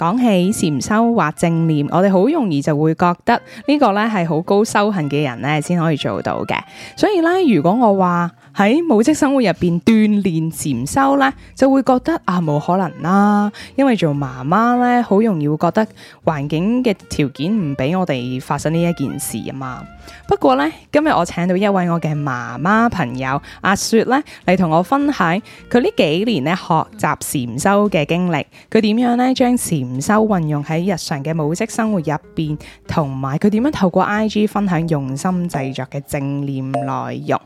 講起禪修或正念，我哋好容易就會覺得呢個咧係好高修行嘅人咧先可以做到嘅。所以呢，如果我話，喺母職生活入邊鍛煉禪修呢，就會覺得啊冇可能啦。啊，因為做媽媽呢，好容易會覺得環境嘅條件唔俾我哋發生呢一件事啊嘛。不過呢，今日我請到一位我嘅媽媽朋友阿、啊、雪呢，嚟同我分享佢呢幾年呢學習禪修嘅經歷，佢點樣呢？將禪修運用喺日常嘅母職生活入邊，同埋佢點樣透過 IG 分享用心製作嘅正念內容。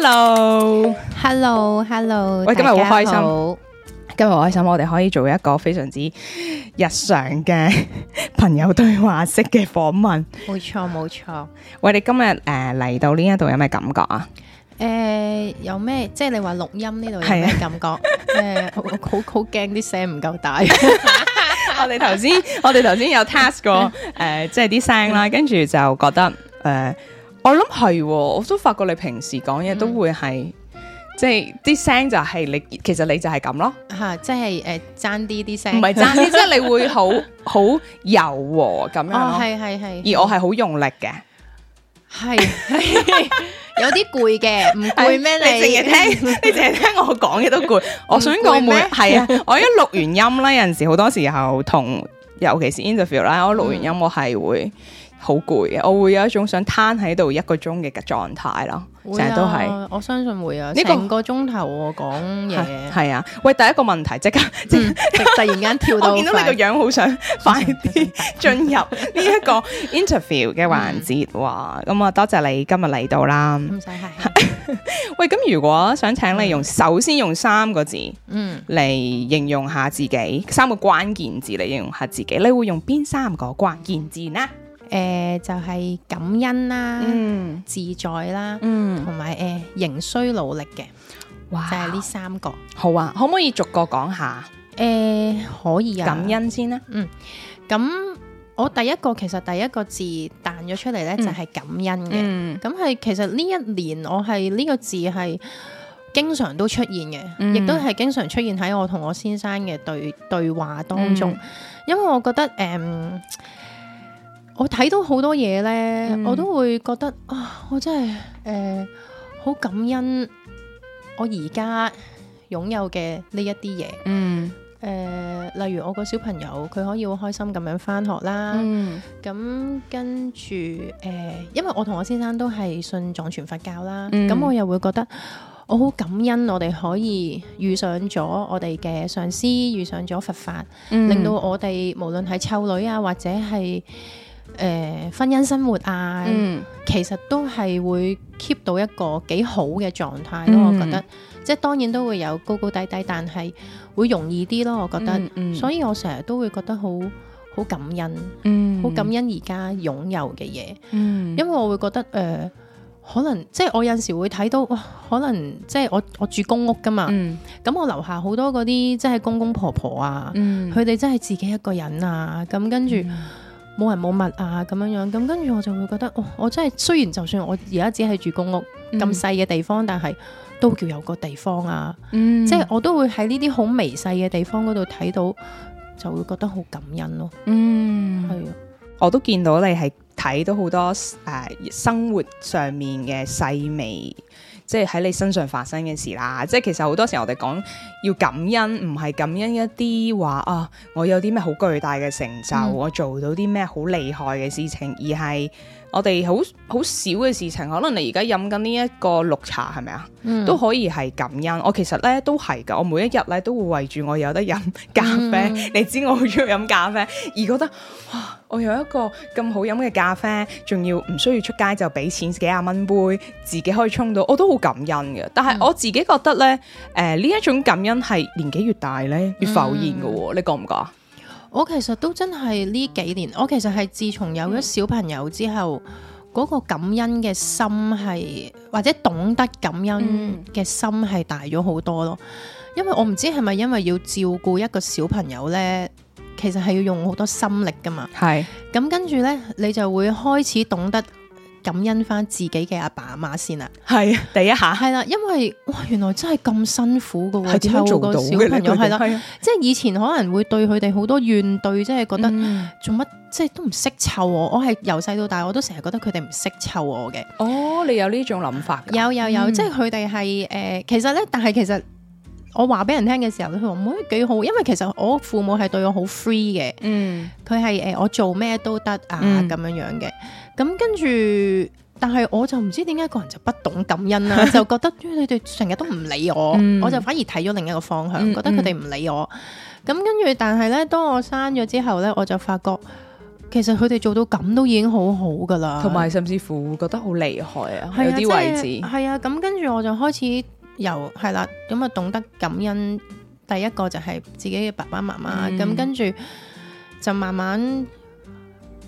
hello hello hello，喂，今日好開心，今日好開心，我哋可以做一個非常之日常嘅朋友對話式嘅訪問，冇錯冇錯。喂，你今日誒嚟到呢一度有咩感覺啊？誒，有咩？即係你話錄音呢度有咩感覺？誒，好好驚啲聲唔夠大。我哋頭先，我哋頭先有 test 過，誒，即係啲聲啦，跟住就覺得誒。我諗係，我都發覺你平時講嘢都會係，即係啲聲就係你，其實你就係咁咯。吓，即係誒，爭啲啲聲，唔係爭啲，即係你會好好柔和咁樣咯。係係係，而我係好用力嘅，係有啲攰嘅，唔攰咩？你淨係聽，你淨係聽我講嘢都攰。我想講，係啊，我一錄完音啦，有陣時好多時候同，尤其是 interview 啦，我錄完音我係會。好攰啊！我會有一種想癱喺度一個鐘嘅狀態啦，成日都係我相信會啊。成個鐘頭講嘢係啊。喂，第一個問題即刻即突然間跳到，我見到你個樣好想快啲進入呢一個 interview 嘅環節。哇！咁啊，多謝你今日嚟到啦。唔使謝。喂，咁如果想請你用，首先用三個字，嗯，嚟形容下自己，三個關鍵字嚟形容下自己，你會用邊三個關鍵字呢？誒、呃，就係、是、感恩啦，嗯、自在啦，同埋誒，仍需、呃、努力嘅，哇就係呢三個。好啊，可唔可以逐個講下？誒、呃，可以啊。感恩先啦。嗯。咁我第一個其實第一個字彈咗出嚟咧，就係感恩嘅。嗯。咁係其實呢一年我係呢、這個字係經常都出現嘅，亦都係經常出現喺我同我先生嘅對對話當中，嗯、因為我覺得誒。嗯我睇到好多嘢咧，嗯、我都會覺得啊，我真係誒好感恩我而家擁有嘅呢一啲嘢。嗯，誒、呃、例如我個小朋友佢可以好開心咁樣翻學啦。嗯，咁跟住誒、呃，因為我同我先生都係信藏傳佛教啦。嗯，咁我又會覺得我好感恩我哋可以遇上咗我哋嘅上師，遇上咗佛法，嗯、令到我哋無論係湊女啊或者係，誒、呃，婚姻生活啊，嗯、其實都係會 keep 到一個幾好嘅狀態咯，嗯、我覺得。即係當然都會有高高低低，但係會容易啲咯、啊，我覺得。嗯嗯、所以我成日都會覺得好好感恩，好、嗯、感恩而家擁有嘅嘢。嗯、因為我會覺得誒、呃，可能即係我有陣時會睇到可能即係我我住公屋噶嘛，咁、嗯、我樓下好多嗰啲即係公公婆婆啊，佢哋、嗯、真係自己一個人啊，咁、嗯、跟住。嗯嗯嗯跟冇人冇物啊，咁樣樣咁跟住，我就會覺得，哇、哦！我真係雖然就算我而家只係住公屋咁細嘅地方，嗯、但係都叫有個地方啊。嗯，即係我都會喺呢啲好微細嘅地方嗰度睇到，就會覺得好感恩咯。嗯，係啊，我都見到你係睇到好多誒、啊、生活上面嘅細微。即係喺你身上發生嘅事啦，即係其實好多時候我哋講要感恩，唔係感恩一啲話啊，我有啲咩好巨大嘅成就，嗯、我做到啲咩好厲害嘅事情，而係。我哋好好少嘅事情，可能你而家飲緊呢一個綠茶係咪啊？是是嗯、都可以係感恩。我其實咧都係噶，我每一日咧都會為住我有得飲咖啡。嗯、你知我好中意飲咖啡，而覺得哇，我有一個咁好飲嘅咖啡，仲要唔需要出街就俾錢幾廿蚊杯，自己可以沖到，我都好感恩嘅。但係我自己覺得咧，誒、呃、呢一種感恩係年紀越大咧越浮現噶，嗯、你覺唔覺？我其實都真係呢幾年，我其實係自從有咗小朋友之後，嗰、嗯、個感恩嘅心係，或者懂得感恩嘅心係大咗好多咯。因為我唔知係咪因為要照顧一個小朋友呢，其實係要用好多心力㗎嘛。係是。咁跟住呢，你就會開始懂得。感恩翻自己嘅阿爸阿媽先啦，係第一下係啦，因為哇，原來真係咁辛苦嘅喎，湊個小朋友係咯，即係以前可能會對佢哋好多怨對，即係覺得、嗯、做乜即係都唔識湊我，我係由細到大我都成日覺得佢哋唔識湊我嘅。哦，你有呢種諗法？有，有有有，嗯、即係佢哋係誒，其實咧，但係其實。我話俾人聽嘅時候佢話唔好，幾好，因為其實我父母係對我好 free 嘅，佢係誒我做咩都得啊咁樣樣嘅。咁跟住，但係我就唔知點解個人就不懂感恩啦，就覺得你哋成日都唔理我，我就反而睇咗另一個方向，覺得佢哋唔理我。咁跟住，但係咧，當我生咗之後咧，我就發覺其實佢哋做到咁都已經好好噶啦，同埋甚至乎覺得好厲害啊，有啲位置。係啊，咁跟住我就開始。又係啦，咁啊懂得感恩。第一個就係自己嘅爸爸媽媽，咁、嗯、跟住就慢慢誒、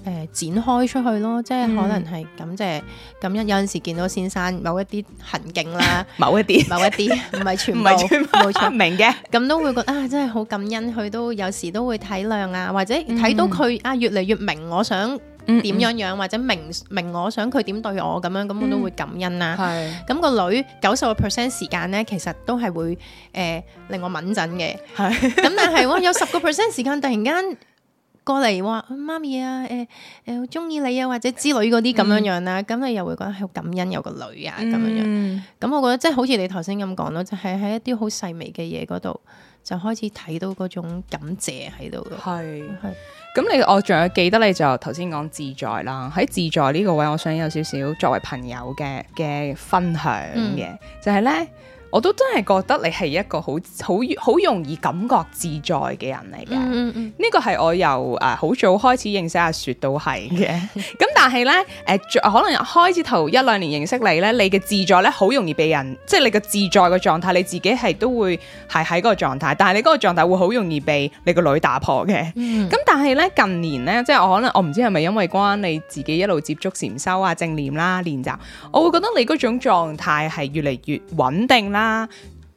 呃、展開出去咯。即係可能係感謝感恩，有陣時見到先生某一啲行徑啦，某一啲某一啲，唔係全唔係全部唔明嘅，咁都會覺得啊，真係好感恩。佢都有時都會體諒啊，或者睇到佢啊越嚟越明，嗯、我想。點樣樣或者明明我想佢點對我咁樣，咁我都會感恩啦、啊。係咁、嗯、個女九十個 percent 時間咧，其實都係會誒、呃、令我敏震嘅。係咁是但係我有十個 percent 時間突然間過嚟話媽咪啊誒誒好中意你啊或者之類嗰啲咁樣樣啦。咁、嗯、你又會覺得好感恩有個女啊咁樣樣。咁、嗯、我覺得即係好似你頭先咁講咯，就係、是、喺、就是、一啲好細微嘅嘢。嗰度就開始睇到嗰種感謝喺度嘅，係咁是是你我仲有記得你就頭先講自在啦，喺自在呢個位，我想有少少作為朋友嘅嘅分享嘅，嗯、就係呢。我都真係覺得你係一個好好好容易感覺自在嘅人嚟嘅，呢個係我由誒好、呃、早開始認識阿雪都係嘅。 咁但係咧，誒可能開始頭一兩年認識你咧，你嘅自在咧好容易被人，即、就、係、是、你嘅自在嘅狀態，你自己係都會係喺嗰個狀態，但係你嗰個狀態會好容易被你個女打破嘅。 咁但係咧近年咧，即係我可能我唔知係咪因為關你自己一路接觸禪修啊、正念啦、練習，我會覺得你嗰種狀態係越嚟越穩定啦。啊，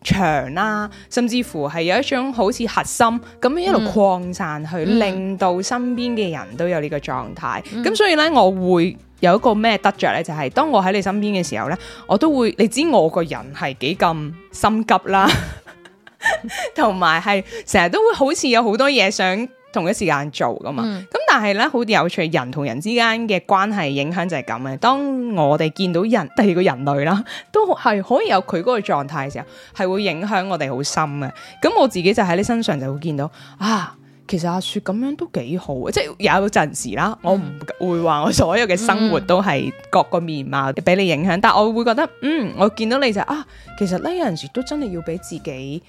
長啦、啊，甚至乎係有一種好似核心咁樣一路擴散去，去、嗯、令到身邊嘅人都有呢個狀態。咁、嗯、所以咧，我會有一個咩得着咧？就係、是、當我喺你身邊嘅時候咧，我都會你知我個人係幾咁心急啦，同埋係成日都會好似有好多嘢想同一時間做㗎嘛，咁、嗯、但係咧好有趣，人同人之間嘅關係影響就係咁嘅。當我哋見到人，第二個人類啦，都係可以有佢嗰個狀態嘅時候，係會影響我哋好深嘅。咁我自己就喺你身上就會見到啊，其實阿雪咁樣都幾好，即係有陣時啦，我唔會話我所有嘅生活都係各個面貌俾你影響，但係我會覺得嗯，我見到你就啊，其實咧有陣時都真係要俾自己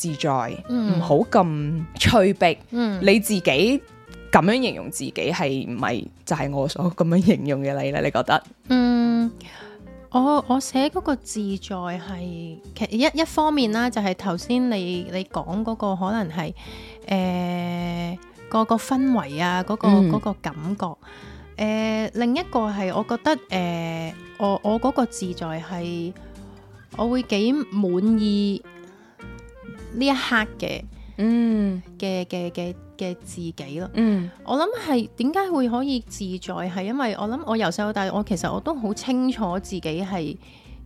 自在，唔好咁催逼。嗯、你自己咁樣形容自己係唔係就係我所咁樣形容嘅你咧？你覺得？嗯，我我寫嗰個自在係，其實一一方面啦，就係頭先你你講嗰個可能係誒嗰個氛圍啊，嗰、嗰個、嗯、個感覺。誒、呃，另一個係我覺得誒、呃，我我嗰個自在係我會幾滿意。呢一刻嘅，嗯嘅嘅嘅嘅自己咯，嗯，我諗係點解會可以自在，係因為我諗我由細到大，我其實我都好清楚自己係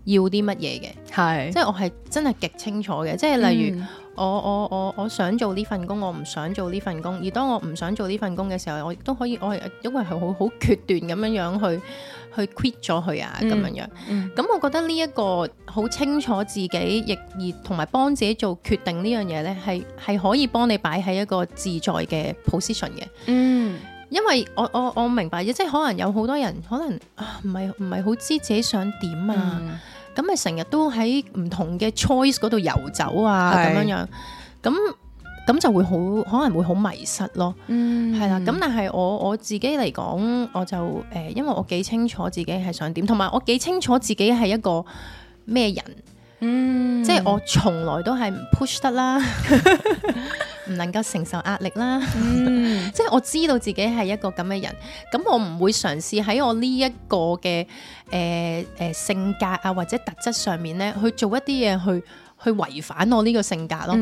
要啲乜嘢嘅，係，即係我係真係極清楚嘅，即係例如。嗯我我我我想做呢份工，我唔想做呢份工。而當我唔想做呢份工嘅時候，我亦都可以，我係因為係好好決斷咁樣樣去去 quit 咗佢啊咁樣樣。咁、嗯、我覺得呢、呢、一個好清楚自己亦而同埋幫自己做決定呢樣嘢咧，係係可以幫你擺喺一個自在嘅 position 嘅。嗯，因為我我我明白嘅，即係可能有好多人可能啊，唔係唔係好知自己想點啊。嗯。咁咪成日都喺唔同嘅 choice 度遊走啊，咁樣樣，咁咁就會好，可能會好迷失咯。嗯，係啦。咁但係我我自己嚟講，我就誒、呃、因為我幾清楚自己係想點同埋我幾清楚自己係一個咩人。嗯，即係我從來都係唔 push 得啦，唔 能夠承受壓力啦。嗯、即係我知道自己係一個咁嘅人，咁我唔會嘗試喺我呢一個嘅誒誒性格啊或者特質上面咧去做一啲嘢去去違反我呢個性格咯。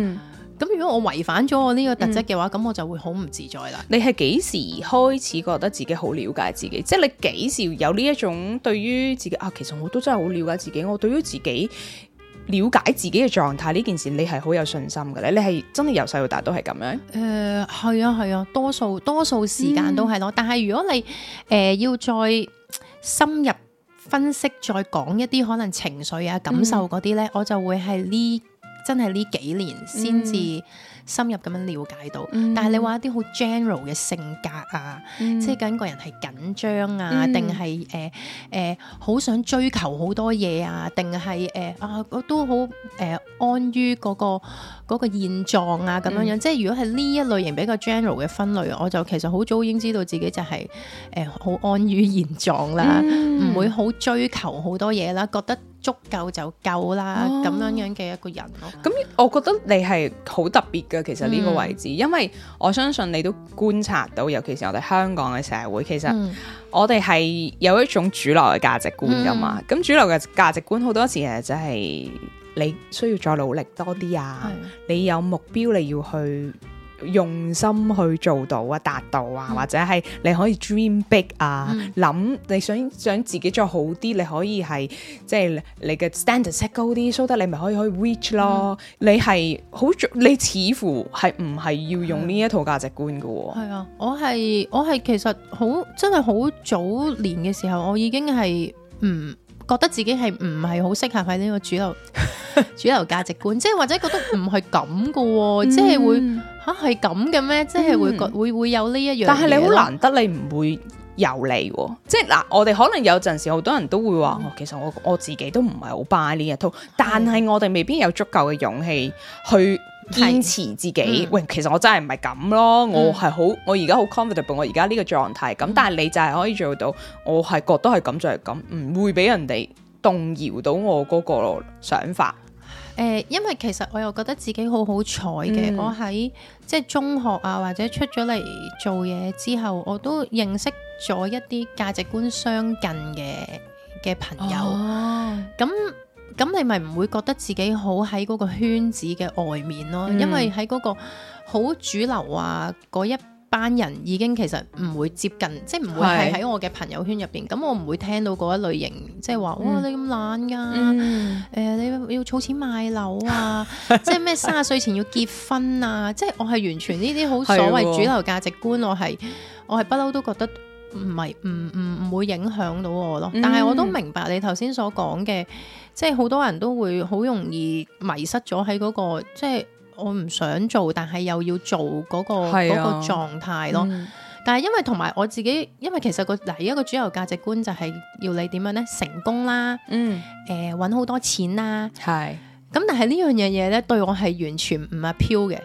咁、嗯、如果我違反咗我呢個特質嘅話，咁、嗯、我就會好唔自在啦。你係幾時開始覺得自己好了解自己？即係你幾時有呢一種對於自己啊？其實我都真係好了解自己，我對於自己。了解自己嘅狀態呢件事，你係好有信心嘅咧？你係真係由細到大都係咁樣？誒、呃，係啊，係啊，多數多數時間都係咯。嗯、但係如果你誒、呃、要再深入分析，再講一啲可能情緒啊、感受嗰啲呢，嗯、我就會係呢真係呢幾年先至、嗯。才。嗯深入咁樣了解到，但係你話一啲好 general 嘅性格啊，嗯、即係緊個人係緊張啊，定係誒誒好想追求好多嘢啊，定係誒啊我都好誒、呃、安於嗰個嗰個現狀啊咁樣樣。嗯、即係如果係呢一類型比較 general 嘅分類，我就其實好早已經知道自己就係誒好安於現狀啦，唔、嗯、會好追求好多嘢啦，覺得，足夠就夠啦，咁、哦、樣樣嘅一個人。咁、嗯嗯、我覺得你係好特別嘅，其實呢個位置，因為我相信你都觀察到，尤其是我哋香港嘅社會，其實我哋係有一種主流嘅價值觀噶嘛。咁、嗯、主流嘅價值觀好多時其實就係你需要再努力多啲啊，的你有目標你要去。用心去做到啊，達到啊，嗯、或者係你可以 dream big 啊，諗你、嗯、想想自己再好啲，你可以係即係你嘅 standard set 高啲，so 所以你咪可以去 reach 咯。嗯、你係好你似乎係唔係要用呢一套價值觀嘅喎、啊。係、嗯、啊，我係我係其實好真係好早年嘅時候，我已經係唔覺得自己係唔係好適合喺呢個主流 主流價值觀，即係或者覺得唔係咁嘅喎，即係、嗯、會。吓，係咁嘅咩？即係會覺、嗯、會會有呢一樣。但係你好難得你，你唔會游離。即係嗱，我哋可能有陣時好多人都會話、嗯哦，其實我我自己都唔係好 buy 呢一套。是但係我哋未必有足夠嘅勇氣去堅持自己。喂，嗯、其實我真係唔係咁咯。我係好，我而家好 comfortable。我而家呢個狀態。咁但係你就係可以做到，我係覺得係咁就係咁，唔會俾人哋動搖到我嗰個想法。誒，因為其實我又覺得自己好好彩嘅，嗯、我喺即係中學啊，或者出咗嚟做嘢之後，我都認識咗一啲價值觀相近嘅嘅朋友。咁咁、哦，你咪唔會覺得自己好喺嗰個圈子嘅外面咯？嗯、因為喺嗰個好主流啊嗰一。班人已經其實唔會接近，即係唔會係喺我嘅朋友圈入邊，咁是我唔會聽到嗰一類型，即係話哇你咁懶㗎、啊，誒、嗯呃、你要儲錢買樓啊， 即係咩三十歲前要結婚啊， 即係我係完全呢啲好所謂主流價值觀，的我係我係不嬲都覺得唔係唔唔唔會影響到我咯。嗯、但係我都明白你頭先所講嘅，即係好多人都會好容易迷失咗喺嗰個即係。我唔想做，但係又要做嗰、那個嗰、啊、個狀態咯。嗯、但係因為同埋我自己，因為其實、那個而家一個主流價值觀就係要你點樣咧成功啦，嗯、呃，誒搵好多錢啦，係是。咁但係呢樣樣嘢咧，對我係完全唔係 appeal 嘅，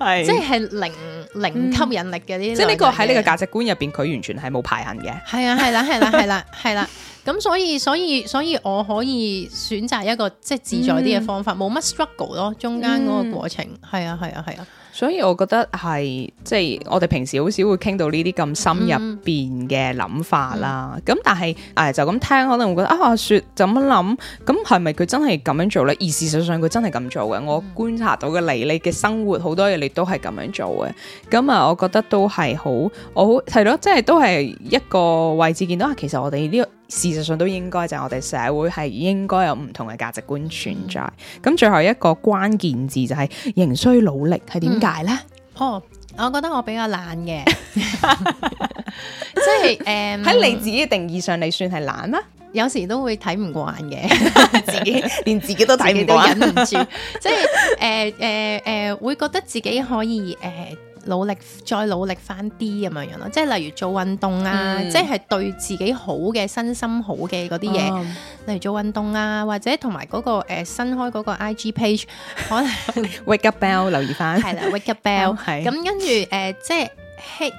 係 是即係零。零吸引力嘅啲，即係呢個喺呢個價值觀入邊，佢完全係冇排行嘅。係啊，係啦、啊，係啦、啊，係啦、啊，係啦、 啊。咁、啊、所以，所以，所以我可以選擇一個即係、就是、自在啲嘅方法，冇乜、嗯、struggle 咯，中間嗰個過程。係、嗯、啊，係啊，係啊。所以我覺得係即係我哋平時好少會傾到呢啲咁深入邊嘅諗法啦，咁、嗯、但係誒、呃、就咁聽可能會覺得啊，阿雪，怎樣諗，咁係咪佢真係咁樣做咧？而事實上佢真係咁做嘅，我觀察到嘅嚟，你嘅生活好多嘢你都係咁樣做嘅，咁啊我覺得都係好，我好係咯，即係都係一個位置見到，其實我哋呢、呢個。事實上都應該就係我哋社會係應該有唔同嘅價值觀存在。咁最後一個關鍵字就係、是、仍需努力，係點解呢？嗯？哦，我覺得我比較懶嘅， 即係誒，喺、嗯、你自己嘅定義上，你算係懶啦。有時都會睇唔慣嘅， 自己 連自己都睇唔慣，忍唔住， 即係誒誒誒，會覺得自己可以誒。呃努力再努力翻啲咁樣樣咯，即係例如做運動啊，嗯、即係對自己好嘅身心好嘅嗰啲嘢，嗯、例如做運動啊，或者同埋嗰個、呃、新開嗰個 IG page，可能， 可能 Wake Up Bell、嗯、留意翻，係啦 Wake Up Bell，咁跟住誒即係。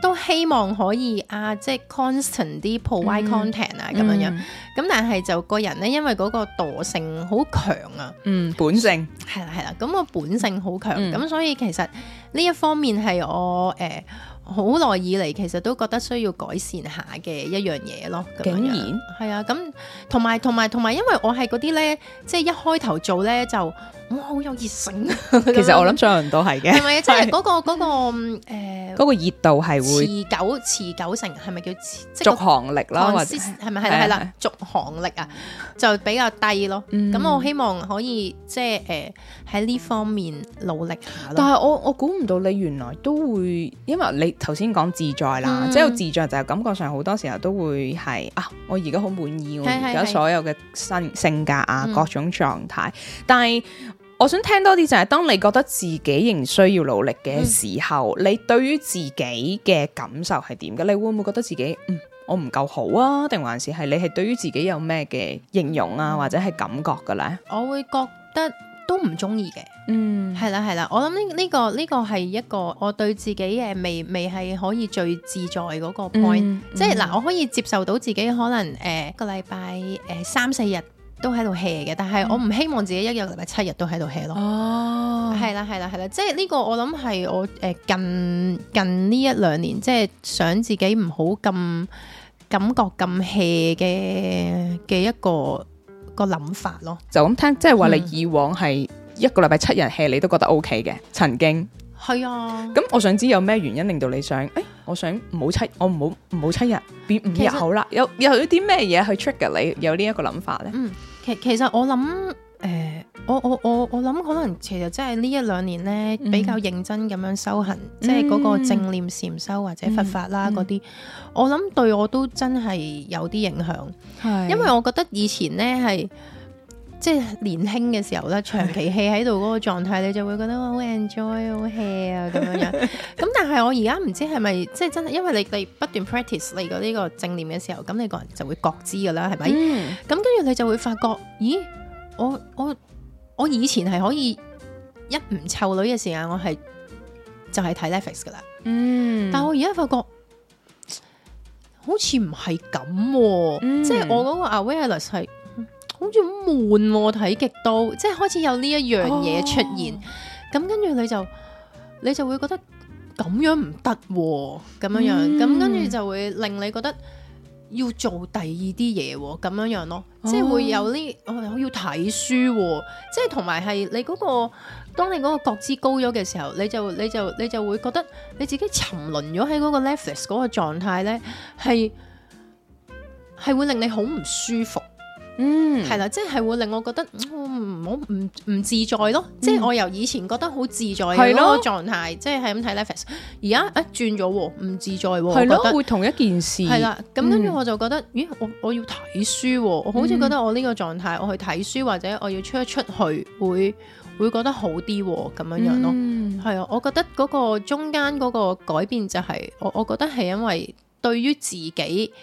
都希望可以啊，即係 constant 啲 provide content 啊、嗯，咁樣樣。咁、嗯、但係就個人咧，因為嗰個惰性好強啊，嗯，本性係啦係啦，咁我本性好強，咁、嗯、所以其實呢一方面係我誒好耐以嚟其實都覺得需要改善下嘅一樣嘢咯，咁樣樣。係啊，咁同埋同埋同埋，因為我係嗰啲咧，即係一開頭做咧就。哇！好有熱誠啊，其實我諗所有人都係嘅，係咪即係嗰個嗰個誒熱度係會持久持久性係咪叫續航力啦？或者係咪係啦係啦續航力啊？就比較低咯。咁我希望可以即係誒喺呢方面努力下咯。但係我我估唔到你原來都會，因為你頭先講自在啦，即係自在就係感覺上好多時候都會係啊！我而家好滿意我而家所有嘅新性格啊，各種狀態，但係。我想聽多啲就係、是、當你覺得自己仍需要努力嘅時候，嗯、你對於自己嘅感受係點嘅？你會唔會覺得自己嗯，我唔夠好啊？定還是係你係對於自己有咩嘅形容啊、嗯、或者係感覺嘅咧？我會覺得都唔中意嘅。嗯，係啦係啦，我諗呢呢個呢、這個係一個我對自己誒未未係可以最自在嗰個 point，即係嗱我可以接受到自己可能誒、呃、一個禮拜誒、呃、三四、四日。都喺度 hea 嘅，但係我唔希望自己一日、禮拜七日都喺度 hea 咯。哦，係啦，係啦，係啦，即係呢個我諗係我誒近近呢一兩年，即係想自己唔好咁感覺咁 hea 嘅嘅一個一個諗法咯。就咁聽，即係話你以往係一個禮拜七日 hea，嗯，你都覺得 OK 嘅曾經。係啊，咁我想知有咩原因令到你想，誒，我想唔好七，我唔好唔好七日，變五日好啦。有有啲咩嘢去 trigger 你有呢一個諗法咧？嗯，其其實我諗，誒、呃，我我我我諗可能其實真係呢一兩年咧比較認真咁樣修行，嗯、即係嗰個正念禪修或者佛法啦嗰啲，我諗對我都真係有啲影響。係是，因為我覺得以前咧係。即係年輕嘅時候咧，長期 hea 喺度嗰個狀態，你就會覺得好 enjoy，好 hea 啊咁樣樣。咁 但係我而家唔知係咪即係真係，因為你你不斷 practice 你個呢個正念嘅時候，咁你個人就會覺知噶啦，係咪？咁跟住你就會發覺，咦，我我我以前係可以一唔湊女嘅時間，我係就係、是、睇 Netflix 噶啦。嗯，但我而家發覺好似唔係咁，嗯、即係我嗰個 awareness 係。好似好悶，睇極都即係開始有呢一樣嘢出現，咁跟住你就你就會覺得咁樣唔得喎，咁樣、嗯、樣，咁跟住就會令你覺得要做第二啲嘢喎，咁樣樣咯，oh. 即係會有呢、哦，我要睇書、啊，即係同埋係你嗰、那個，當你嗰個覺知高咗嘅時候，你就你就你就,你就會覺得你自己沉淪咗喺嗰個 Netflix 嗰個狀態咧，係係會令你好唔舒服。嗯，係啦，即係會令我覺得唔好唔唔自在咯。嗯、即係我由以前覺得好自在嘅嗰個狀態，即係係咁睇 Netflix，而家一轉咗唔自在。係咯，會同一件事。係啦的，咁跟住我就覺得，咦，我我要睇書，我好似覺得我呢個狀態，我去睇書或者我要出一出去，會會覺得好啲咁樣樣咯。係啊、嗯，我覺得嗰個中間嗰個改變就係、是、我，我覺得係因為對於自己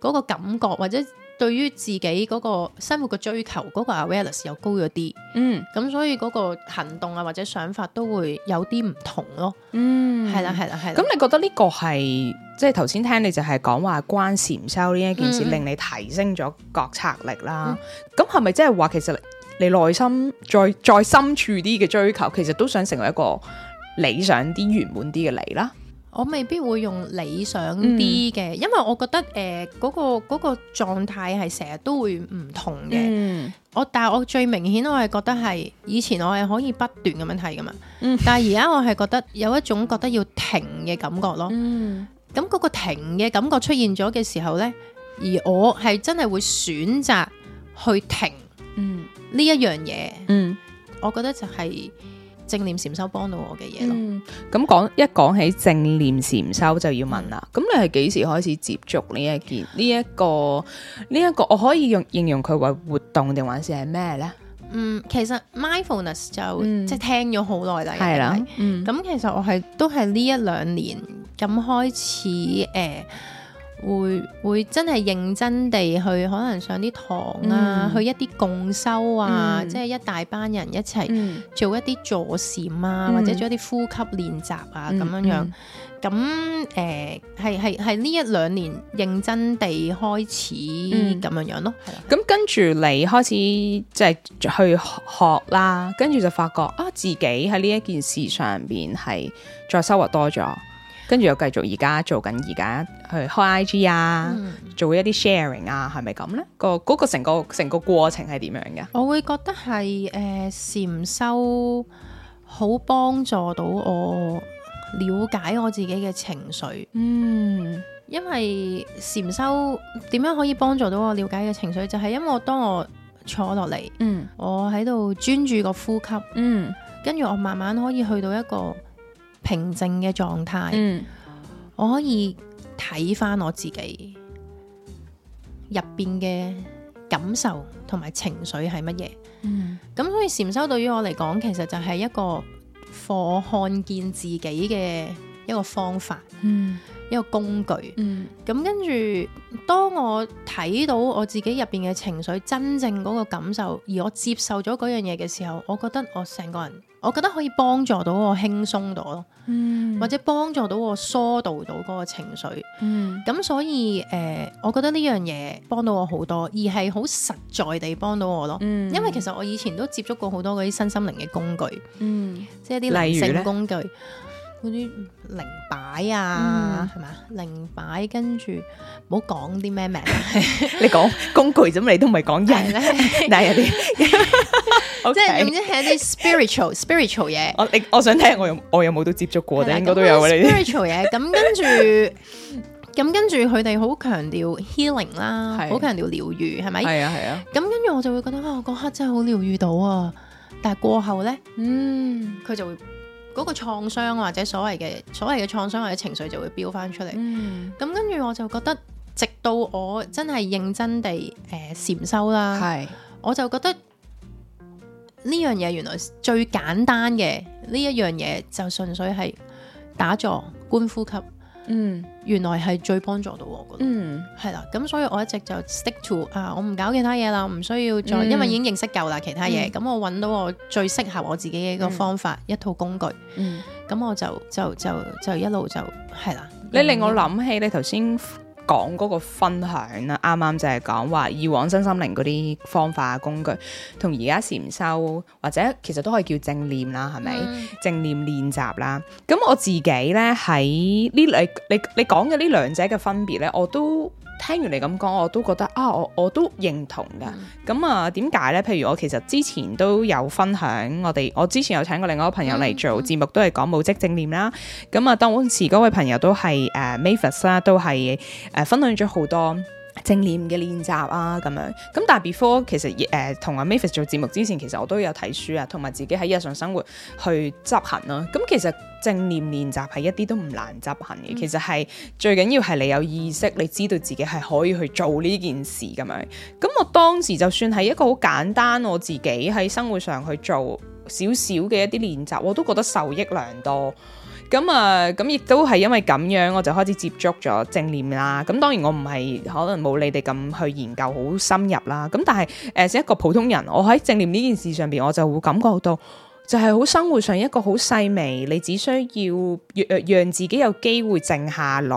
嗰個感覺或者。對於自己嗰個生活嘅追求，嗰、嗰個 awareness 又高咗啲，嗯，咁所以嗰個行動啊或者想法都會有啲唔同咯，嗯，係啦係啦係啦，咁你覺得呢個係即係頭先聽你就係講話關禪修呢一件事、嗯、令你提升咗覺察力啦，咁係咪即係話其實你內心再再深處啲嘅追求，其實都想成為一個理想啲圓滿啲嘅你啦？我未必會用理想啲嘅，嗯、因為我覺得誒嗰、呃嗰個嗰、嗰個狀態係成日都會唔同嘅。嗯、我但係我最明顯我係覺得係以前我係可以不斷咁樣睇噶嘛，嗯、但係而家我係覺得有一種覺得要停嘅感覺咯。咁嗰、嗯、個停嘅感覺出現咗嘅時候呢，而我係真係會選擇去停呢一、嗯、樣嘢。嗯，我覺得就係、是。正念禪修幫到我嘅嘢咯，嗯，咁講一講起正念禪修就要問啦，咁你係幾時開始接觸呢一件呢一個呢一個？我可以用形容佢為活動定還是係咩呢？」嗯，其實 mindfulness 就，嗯，即係聽咗好耐啦，係啦，咁其實我係都係呢一兩年咁開始誒。呃會會真係認真地去，可能上啲堂啊，嗯、去一啲共修啊，嗯、即係一大班人一齊、嗯、做一啲助禪啊，嗯、或者做一啲呼吸練習啊，咁樣、嗯嗯、樣。咁、呃、誒，係係係呢一兩年認真地開始咁、嗯、樣這樣咯。咁、嗯、係啦跟住你開始即係去學啦，跟住就發覺啊，自己喺呢一件事上邊係再收穫多咗。跟住又繼續，而家做緊，而家去開 IG 啊，嗯、做一啲 sharing 啊，係咪咁呢？嗰個嗰、嗰個成個成個過程係點樣嘅？我會覺得係誒禪修好幫助到我了解我自己嘅情緒。嗯，因為禪修點樣可以幫助到我了解嘅情緒，就係、是、因為我當我坐落嚟，嗯，我喺度專注個呼吸，嗯，跟住我慢慢可以去到一個。平靜嘅狀態，嗯、我可以睇返我自己入邊嘅感受同埋情緒係乜嘢。咁、嗯、所以禪修對於我嚟講，其實就係一個我看見自己嘅一個方法，嗯、一個工具。咁、嗯、跟住，當我睇到我自己入邊嘅情緒，真正嗰個感受，而我接受咗嗰樣嘢嘅時候，我覺得我成個人。我覺得可以幫助到我輕鬆到咯，嗯、或者幫助到我疏導到嗰個情緒。咁、嗯、所以誒、呃，我覺得呢樣嘢幫到我好多，而係好實在地幫到我咯。嗯、因為其實我以前都接觸過好多嗰啲身心靈嘅工具，嗯、即係啲靈性工具。嗰啲靈擺啊，係嘛靈擺，跟住唔好講啲咩名，你講工具咁你都唔係講人咧，但係有啲即係，總之係一啲 spiritual，spiritual 嘢。我你我想聽，我有我有冇都接觸過？定應該都有呢啲 spiritual 嘢。咁跟住，咁跟住佢哋好強調 healing 啦，好強調療癒，係咪？係啊係啊。咁跟住我就會覺得啊，我嗰刻真係好療癒到啊，但係過後咧，嗯，佢就會。嗰個創傷或者所謂嘅所謂嘅創傷或者情緒就會飆翻出嚟，咁、嗯、跟住我就覺得，直到我真係認真地誒禪修啦，係，我就覺得呢樣嘢原來最簡單嘅呢一樣嘢就純粹係打坐觀呼吸，嗯。原來係最幫助到我嘅，嗯，係啦，咁所以我一直就 stick to 啊，我唔搞其他嘢啦，我唔需要再，嗯、因為已經認識夠啦，其他嘢，咁、嗯、我揾到我最適合我自己嘅一個方法、嗯、一套工具，嗯，咁我就就就就、就一路就係啦，你用令我諗起你頭先講嗰個分享啦，啱啱就係講話以往身心靈嗰啲方法工具，同而家禪修或者其實都可以叫正念啦，係咪？嗯、正念練習啦，咁我自己呢，喺呢兩你你講嘅呢兩者嘅分別呢，我都。聽完你咁講，我都覺得啊，我我都認同噶。咁、嗯、啊，點解呢？譬如我其實之前都有分享我，我哋我之前有請過另外一個朋友嚟做節目，嗯、都係講母職正念啦。咁啊，當嗰時，嗰位朋友都係誒、呃、Mavis 啦，都係誒、呃、分享咗好多。正念嘅練習啊，咁樣咁但係 before 其實誒同、呃、阿 Mavis 做節目之前，其實我都有睇書啊，同埋自己喺日常生活去執行咯、啊。咁其實正念練習係一啲都唔難執行嘅，嗯、其實係最緊要係你有意識，你知道自己係可以去做呢件事咁樣。咁我當時就算係一個好簡單，我自己喺生活上去做少少嘅一啲練習，我都覺得受益良多。咁啊，咁亦都係因為咁樣，我就開始接觸咗正念啦。咁當然我唔係可能冇你哋咁去研究好深入啦。咁但係誒，一個普通人，我喺正念呢件事上邊，我就會感覺到，就係好生活上一個好細微，你只需要讓讓自己有機會靜下來，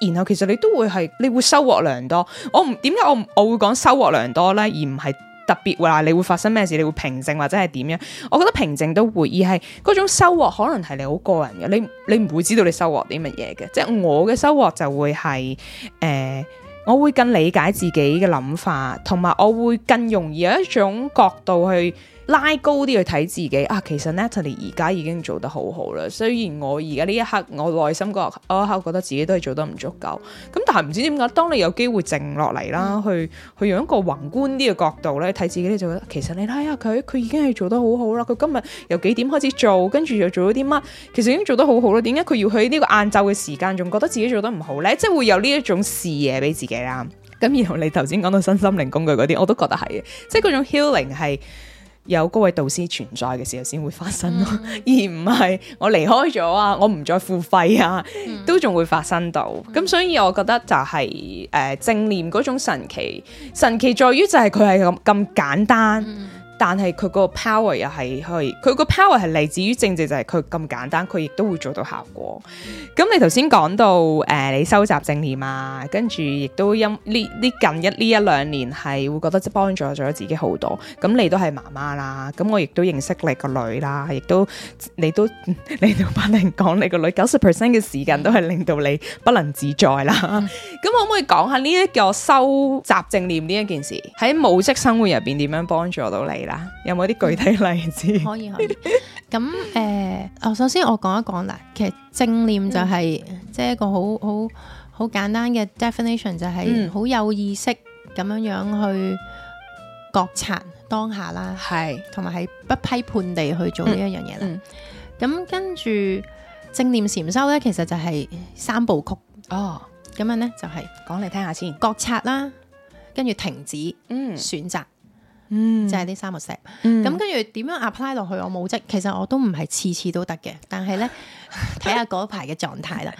然後其實你都會係你會收穫良多。我唔點解我我會講收穫良多呢，而唔係。特別話，你會發生咩事？你會平靜或者係點樣？我覺得平靜都會，而係嗰種收穫可能係你好個人嘅。你，你唔會知道你收穫啲乜嘢嘅。即係我嘅收穫就會係誒、呃，我會更理解自己嘅諗法，同埋我會更容易有一種角度去。拉高啲去睇自己啊，其實 Natalie 而家已經做得好好啦。雖然我而家呢一刻，我內心覺我一刻覺得自己都係做得唔足夠咁，但係唔知點解，當你有機會靜落嚟啦，去去用一個宏觀啲嘅角度咧睇自己咧，就覺得其實你睇下佢，佢已經係做得好好啦。佢今日由幾點開始做，跟住又做咗啲乜，其實已經做得好好啦。點解佢要去呢個晏晝嘅時間仲覺得自己做得唔好咧？即係會有呢一種視野俾自己啦。咁然後你頭先講到身心靈工具嗰啲，我都覺得係，即係嗰種 healing 係。有嗰位導師存在嘅時候先會發生咯，而唔係我離開咗啊，我唔再付費啊，都仲會發生到。咁所以我覺得就係、是、誒、呃、正念嗰種神奇，神奇在於就係佢係咁咁簡單。但係佢個 power 又係去佢個 power 係嚟自於政治，就係佢咁簡單，佢亦都會做到效果。咁你頭先講到誒、呃，你收集正念啊，跟住亦都因呢呢近一呢一兩年係會覺得即係幫助咗自己好多。咁你都係媽媽啦，咁我亦都認識你個女啦，亦都你都你同柏定講你個女九十 percent 嘅時間都係令到你不能自在啦。咁 可唔可以講下呢一個收集正念呢一件事喺母職生活入邊點樣幫助到你？有冇啲具體例子？可以、嗯、可以。咁誒、呃哦，首先我講一講啦。其實正念就係即係一個好好好簡單嘅 definition，就係、是、好、嗯、有意識咁樣樣去覺察當下啦。係是，同埋係不批判地去做呢一樣嘢啦。咁、嗯嗯、跟住正念禪修呢，其實就係三部曲。哦，咁樣呢就係講嚟聽下先。覺察啦，跟住停止，選擇嗯，選擇。嗯，就係呢三個 step，咁跟住點樣 apply 落去？我冇職，其實我都唔係次次都得嘅。但係咧，睇下嗰排嘅狀態啦。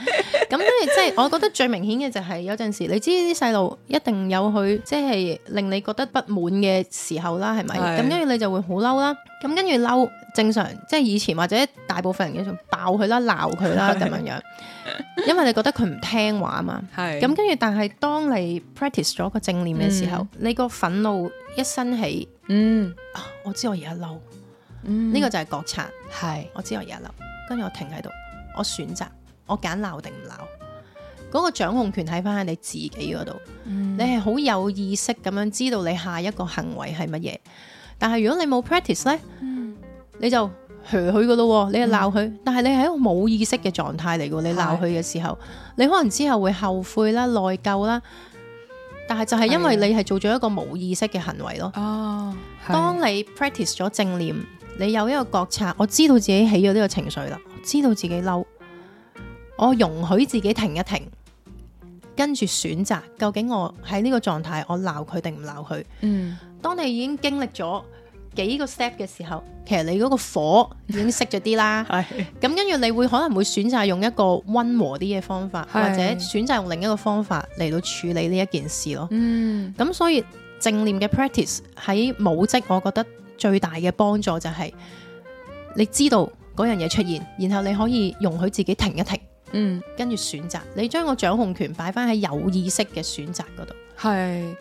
咁跟住即係，就是、我覺得最明顯嘅就係有陣時，你知啲細路一定有佢即係令你覺得不滿嘅時候啦，係咪？咁跟住你就會好嬲啦。咁跟住嬲，正常即係、就是、以前或者大部分人嘅。鬧佢啦，鬧佢啦咁樣樣，因為你覺得佢唔聽話啊嘛，係咁跟住。但係當你 practice 咗個正念嘅時候，嗯、你個憤怒一升起，嗯、啊，我知我而家嬲，呢、嗯、個就係覺察，係是我知我而家嬲，跟住我停喺度，我選擇，我揀鬧定唔鬧，嗰個掌控權喺翻喺你自己嗰度，嗯、你係好有意識咁樣知道你下一個行為係乜嘢，但係如果你冇 practice 咧、嗯，你就。 佢佢噶咯，你又鬧佢，但係你係一個冇意識嘅狀態嚟噶，你鬧佢嘅時候，的你可能之後會後悔啦、內疚啦。但係就係因為你係做咗一個冇意識嘅行為咯。哦，當你 practice 咗正念，你有一個覺察，我知道自己起咗呢個情緒啦，知道自己嬲，我容許自己停一停，跟住選擇究竟我喺呢個狀態，我鬧佢定唔鬧佢？嗯，當你已經經歷咗。幾個 step 嘅時候，其實你嗰個火已經熄咗啲啦。咁跟住你會可能會選擇用一個温和啲嘅方法，是的 或者選擇用另一個方法嚟到處理呢一件事咯。嗯，咁所以正念嘅 practice 喺母職，我覺得最大嘅幫助就係你知道嗰樣嘢出現，然後你可以容許自己停一停。嗯，跟住選擇你將個掌控權擺返喺有意識嘅選擇嗰度。係，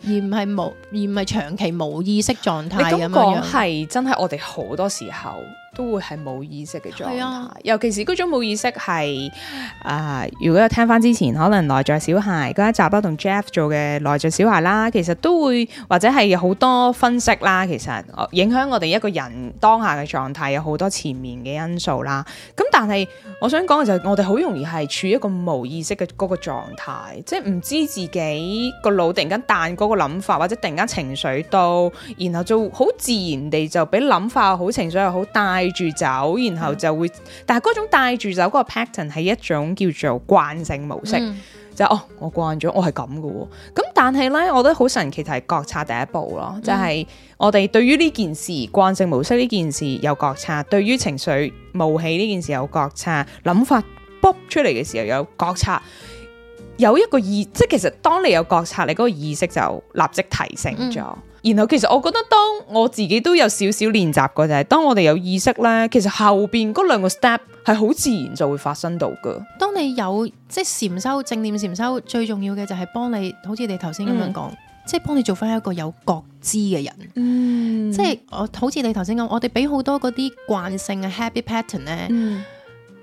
而唔係無，而唔係長期冇意識狀態咁樣。你都講係，真係我哋好多時候。都會係冇意識嘅狀態，啊、尤其是嗰種冇意識係啊、呃、如果有聽返之前，可能內在小孩嗰一集啦，同 Jeff 做嘅內在小孩啦，其實都會或者係好多分析啦。其實影響我哋一個人當下嘅狀態有好多前面嘅因素啦。咁但係我想講嘅就係我哋好容易係處於一個冇意識嘅嗰個狀態，即係唔知自己個腦突然間彈嗰個諗法，或者突然間情緒到，然後就好自然地就俾諗法好情緒又好大住走，然後就會，但係嗰種帶住走嗰個 pattern 係一種叫做慣性模式，嗯、就是、哦我慣咗，我係咁噶，咁但係咧，我覺得好神奇就係覺察第一步咯，就係、是、我哋對於呢件事慣性模式呢件事有覺察，對於情緒冒起呢件事有覺察，諗法卜出嚟嘅時候有覺察，有一個意，即係其實當你有覺察，你嗰個意識就立即提升咗。嗯然後其實我覺得，當我自己都有少少練習過，就係當我哋有意識咧，其實後邊嗰兩個 step 係好自然就會發生到噶。當你有即係禪修、正念禪修，最重要嘅就係幫你，好似你頭先咁樣講，即係幫你做翻一個有覺知嘅人。嗯，即係我好似你頭先咁，我哋俾好多嗰啲慣性嘅 habit pattern 咧，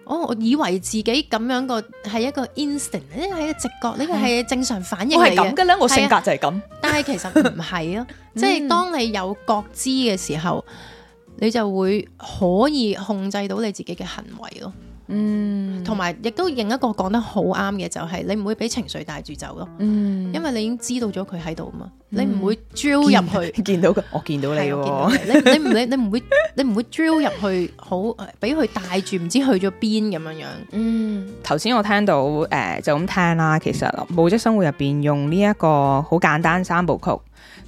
我我以為自己咁樣個係一個 instinct，呢個係一個直覺，呢個係正常反應嚟嘅。我係咁嘅咧，我性格就係咁。但係其實唔係咯， 即係當你有覺知嘅時候，你就會可以控制到你自己嘅行為咯。嗯，同埋亦都另一個講得好啱嘅就係、是、你唔會俾情緒帶住走咯，嗯、因為你已經知道咗佢喺度嘛，嗯、你唔會 drill 入去。見到佢，我見到你。 你唔你你唔會你唔會 drill 入去，好俾佢帶住唔知去咗邊咁樣樣。嗯，頭先我聽到誒、呃、就咁聽啦，其實母職生活入邊用呢一個好簡單三部曲。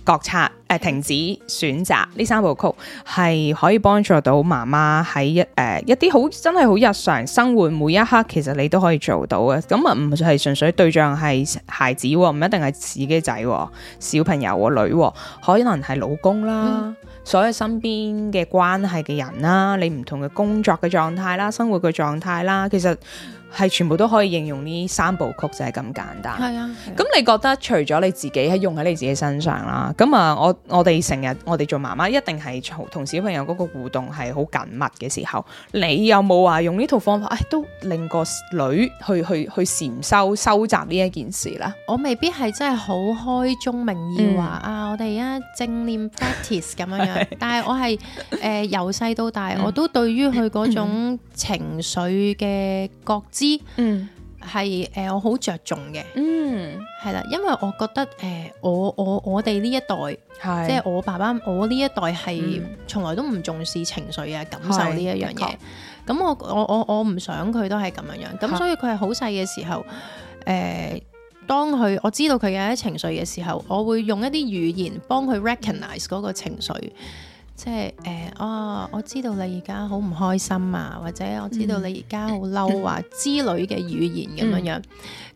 覺察誒、停止選擇，呢三部曲係可以幫助到媽媽喺一誒、呃、一啲好真係好日常生活每一刻，其實你都可以做到嘅。咁啊，唔係純粹對象係孩子，哦，唔一定係自己仔，哦、小朋友，哦、女，哦，可能係老公啦，嗯、所以所有身邊嘅關係嘅人啦，你唔同嘅工作嘅狀態啦，生活嘅狀態啦，其實。係全部都可以應用呢三部曲就係、是，咁簡單係啊。咁、啊、你覺得除咗你自己喺用喺你自己身上啦，咁啊，我我哋成日我哋做媽媽一定係同小朋友個互動係好緊密嘅時候，你有冇話用呢套方法？誒、哎，都令個女去去去禪修收、收集呢一件事啦。我未必係真係好開宗明義話啊，我哋而家正念 practice 咁樣樣、嗯，但係我係誒由細到大、嗯、我都對於佢嗰種情緒嘅覺知，嗯，係誒、呃，我好着重嘅，嗯，係啦，因為我覺得誒、呃，我我我哋呢一代，係即係我爸爸，我呢一代係從來都唔重視情緒啊、嗯、感受呢一樣嘢，咁我我我我唔想佢都係咁樣樣，咁所以佢係好細嘅時候，誒、呃，當佢我知道佢有啲情緒嘅時候，我會用一啲語言幫佢 recognize 嗰個情緒。即係誒、哎，哦，我知道你而家好唔開心啊，或者我知道你而家好嬲啊、嗯、之類嘅語言咁樣樣，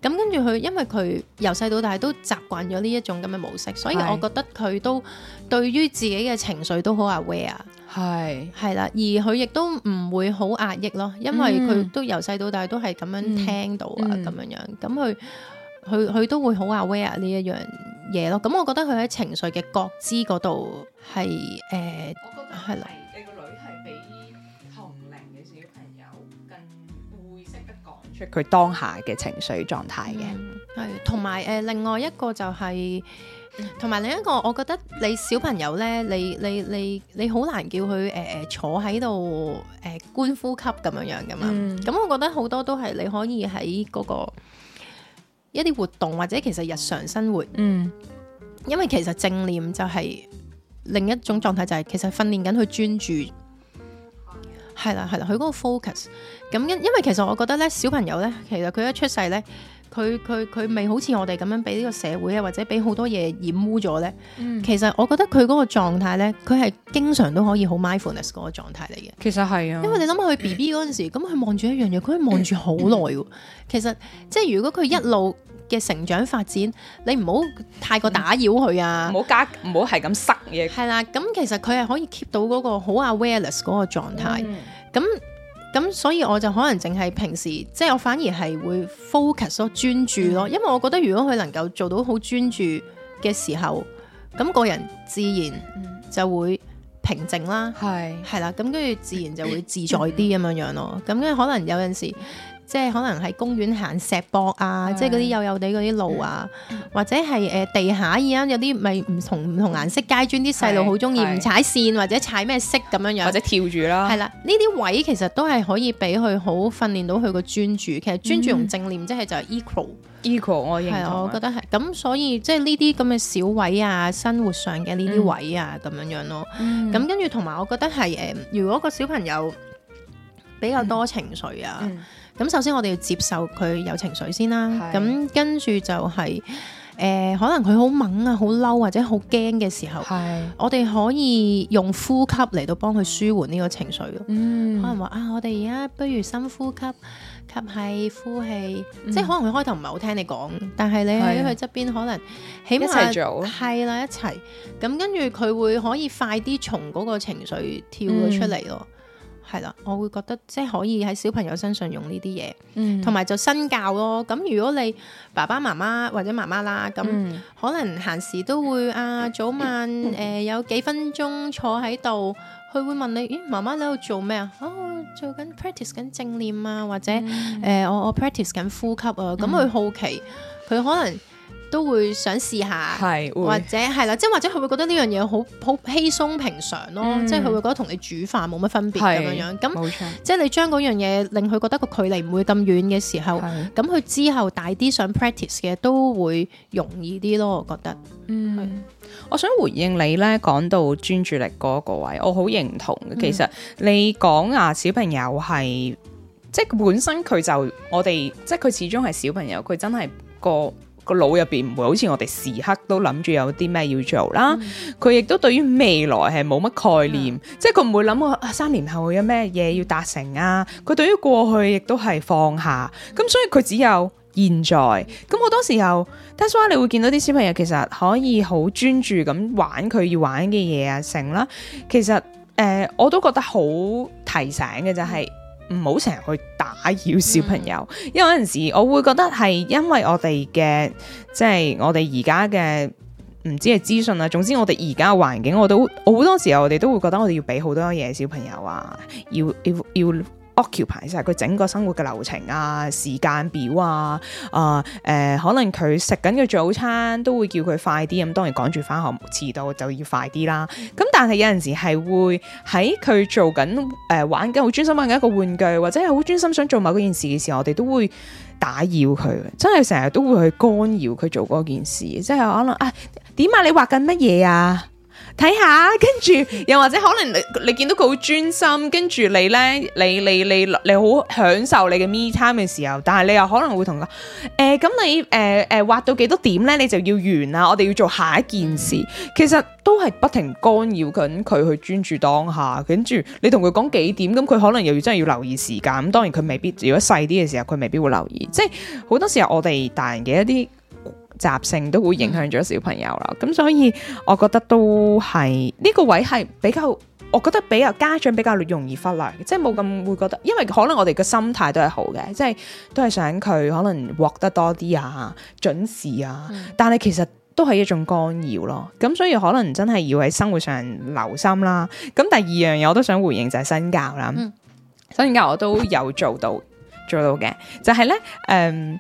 咁跟住佢，因為佢由細到大都習慣咗呢一種咁嘅模式，是所以我覺得佢都對於自己嘅情緒都好 aware 啊是，係係啦，而佢亦都唔會好壓抑咯，因為佢都由細到大都係咁樣聽到啊，咁、嗯嗯、樣樣咁佢。佢佢都會好 aware 呢一樣嘢咯，咁我覺得佢喺情緒嘅覺知嗰度係誒，我覺得係啦，你個女係比同齡嘅小朋友更會識得講出佢當下嘅情緒狀態嘅，係同埋誒另外一個就係同埋另一個，我覺得你小朋友咧，你你你你好難叫佢誒誒坐喺度誒觀呼吸咁樣樣噶嘛，咁、嗯、我覺得好多都係你可以喺嗰、嗰個。一啲活動或者其實日常生活，嗯、因為其實正念就係另一種狀態，就係其實訓練緊佢專注，係啦係啦，佢嗰個 focus。咁因因為其實我覺得咧，小朋友咧，其實佢一出世咧。佢佢佢未好似我哋咁樣俾呢個社會啊，或者俾好多嘢染污咗咧。嗯、其實我覺得佢嗰個狀態咧，佢係經常都可以好 mindfulness 嗰個狀態嚟嘅。 其實係啊，因為你諗下佢 B B 嗰陣時，咁佢望住一樣嘢，佢望住好耐。其實即係如果佢一路嘅成長發展， 你唔好太過打擾佢啊，唔好加，唔好係咁塞嘢。係啦，咁其實佢係可以 keep 到嗰個好啊 awareness 嗰個狀態。咁、嗯嗯咁所以我就可能淨係平時，即係我反而係會 focus 咯，專注咯，因為我覺得如果佢能夠做到好專注嘅時候，咁個人自然就會平靜啦，係係啦，咁跟住自然就會自在啲咁 樣樣咯，咁跟住可能有陣時。即係可能喺公園行石博啊，即係嗰啲幼幼地嗰啲路啊，或者係誒地下而家有啲咪唔同唔同顏色街磚，啲細路好鍾意唔踩線或者踩咩色咁樣樣，或者跳住啦。係啦，呢啲位其實都係可以俾佢好訓練到佢個專注。其實專注同正念即係就係 equal，equal 我認同。係啊，我覺得係。咁所以即係呢啲咁嘅小位啊，生活上嘅呢啲位啊，咁樣樣咯。咁跟住同埋我覺得係誒，如果個小朋友比較多情緒啊。咁首先我哋要接受佢有情緒先啦，咁是跟住就係、是、誒、呃、可能佢好猛啊、好嬲或者好驚嘅時候，是我哋可以用呼吸嚟到幫佢舒緩呢個情緒咯。嗯，可能話啊，我哋而家不如深呼吸，吸氣呼氣，嗯、即係可能佢開頭唔係好聽你講，但係你喺佢側邊，可能起碼一齊做，係啦一齊。咁跟住佢會可以快啲從嗰個情緒跳咗出嚟咯。嗯。係啦，我會覺得即係可以喺小朋友身上用呢啲嘢，同埋、嗯、就身教咯。咁如果你爸爸媽媽或者媽媽啦，咁、嗯、可能閒時都會啊早晚誒、呃、有幾分鐘坐喺度，佢會問你：咦，媽媽你喺度做咩啊？哦，做緊 practice 緊正念啊，或者誒、嗯呃，我我 practice 緊呼吸啊。咁佢好奇，佢、嗯、可能。都會想試下或，或者係啦，即係或者佢會覺得呢樣嘢好好稀鬆平常咯，嗯、即係佢會覺得同你煮飯冇乜分別咁樣樣。咁錯即係你將嗰樣嘢令佢覺得個距離唔會咁遠嘅時候，咁佢是之後大啲想 practice 嘅都會容易啲咯。我覺得，嗯，是我想回應你呢，講到專注力嗰個位，我好認同。嗯、其實你講啊，小朋友係即係本身佢就我哋，即係佢始終係小朋友，佢真係個。個腦入邊唔會好似我哋時刻都諗住有啲咩要做啦，佢亦都對於未來係冇乜概念，嗯、即係佢唔會諗個、啊、三年後有咩嘢要達成啊。佢對於過去亦都係放下，咁所以佢只有現在。咁好多時候，但係所以你會見到啲小朋友其實可以好專注咁玩佢要玩嘅嘢啊成啦。其實誒、呃，我都覺得好提醒嘅就係、是。嗯唔好成日去打擾小朋友，因為有陣時我會覺得係因為我哋嘅，即係我哋而家嘅，唔知係資訊啊，總之我哋而家嘅環境，我都好多時候我哋都會覺得我哋要俾好多嘢小朋友啊，要要要。要 Occupy 曬佢整個生活嘅流程啊，時間表啊，啊，誒，可能佢食緊嘅早餐都會叫佢快啲咁，當然趕住翻學遲到就要快啲啦。咁但係有陣時係會喺佢做緊誒玩緊好專心玩緊一個玩具，或者係好專心想做某件事嘅時候，我哋都會打擾佢，真係成日都會去干擾佢做嗰件事，即係可能，啊，點啊你畫緊乜嘢啊？睇下，跟住又或者可能你你見到佢好專心，跟住你咧，你你你你好享受你嘅 me time 嘅時候，但係你又可能會同佢，誒、呃，咁你誒誒畫到幾多點咧，你就要完啦，啊，我哋要做下一件事，其實都係不停干擾緊佢去專注當下，跟住你同佢講幾點，咁佢可能又要真係要留意時間，咁當然佢未必，如果細啲嘅時候，佢未必會留意，即係好多時候我哋大人嘅一啲。習性都會影響咗小朋友啦，咁、嗯、所以我覺得都係呢、這個位係比較，我覺得比較家長比較容易忽略即係冇咁會覺得，因為可能我哋嘅心態都係好嘅，即、就、係、是、都係想佢可能獲得多啲啊，準時啊，嗯、但係其實都係一種干擾咯，咁所以可能真係要喺生活上留心啦。咁第二樣嘢我都想回應就係身教啦，身、嗯、教我都有做到 做到嘅，就係、是、呢。誒、嗯。